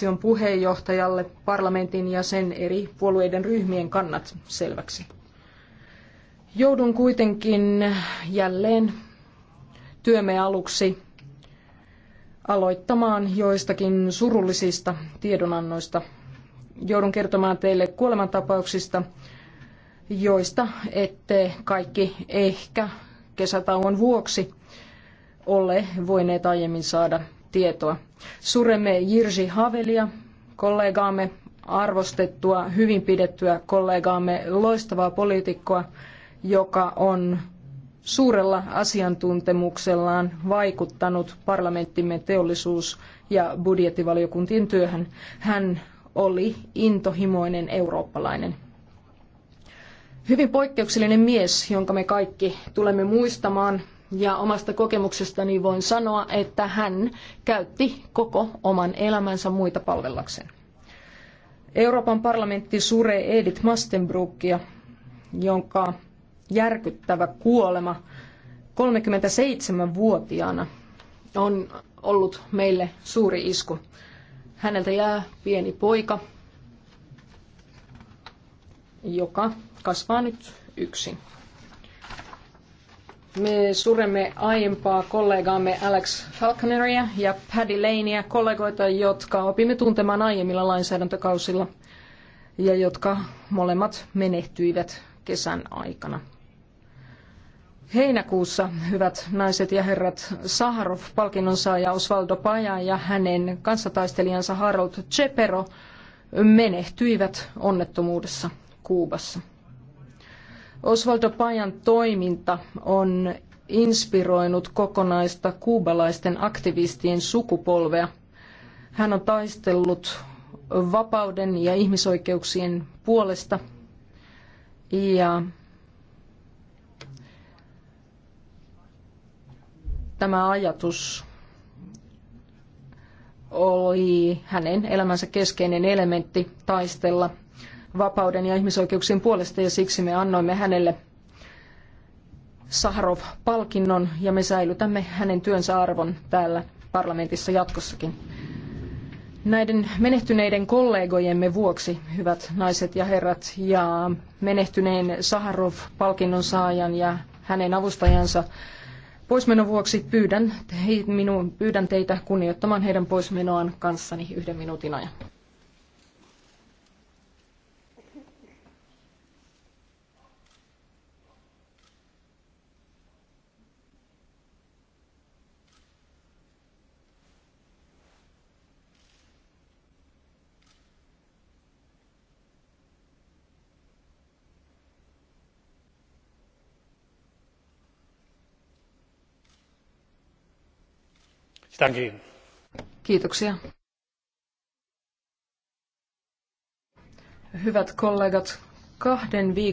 komission puheenjohtajalle parlamentin ja sen eri puolueiden ryhmien kannat selväksi. Joudun kuitenkin jälleen työmme aluksi aloittamaan joistakin surullisista tiedonannoista. Joudun kertomaan teille kuolemantapauksista, joista ette kaikki ehkä kesätauon vuoksi ole voineet aiemmin saada tietoa. Suremme Jirsi Havelia, kollegaamme, arvostettua, hyvin pidettyä kollegaamme, loistavaa poliitikkoa, joka on suurella asiantuntemuksellaan vaikuttanut parlamenttimme teollisuus- ja budjettivaliokuntien työhön. Hän oli intohimoinen eurooppalainen. Hyvin poikkeuksellinen mies, jonka me kaikki tulemme muistamaan ja omasta kokemuksestani voin sanoa, että hän käytti koko oman elämänsä muita palvellakseen. Euroopan parlamentti suree Edith Mastenbrookia, jonka järkyttävä kuolema 37-vuotiaana on ollut meille suuri isku. Häneltä jää pieni poika, joka kasvaa nyt yksin. Me suremme aiempaa kollegaamme Alex Falconeria ja Paddy Lanea, kollegoita, jotka opimme tuntemaan aiemmilla lainsäädäntökausilla ja jotka molemmat menehtyivät kesän aikana. Heinäkuussa, hyvät naiset ja herrat, Saharov-palkinnon saaja Osvaldo Paja ja hänen kanssataistelijansa Harold Chepero menehtyivät onnettomuudessa Kuubassa. Osvaldo Pajan toiminta on inspiroinut kokonaista kuubalaisten aktivistien sukupolvea. Hän on taistellut vapauden ja ihmisoikeuksien puolesta ja tämä ajatus oli hänen elämänsä keskeinen elementti taistella vapauden ja ihmisoikeuksien puolesta ja siksi me annoimme hänelle Saharov-palkinnon ja me säilytämme hänen työnsä arvon täällä parlamentissa jatkossakin. Näiden menehtyneiden kollegojemme vuoksi, hyvät naiset ja herrat, ja menehtyneen Saharov-palkinnon saajan ja hänen avustajansa poismenon vuoksi pyydän, he, minun, pyydän teitä kunnioittamaan heidän poismenoaan kanssani yhden minuutin ajan. Kiitoksia. Hyvät kollegat, kahden viikon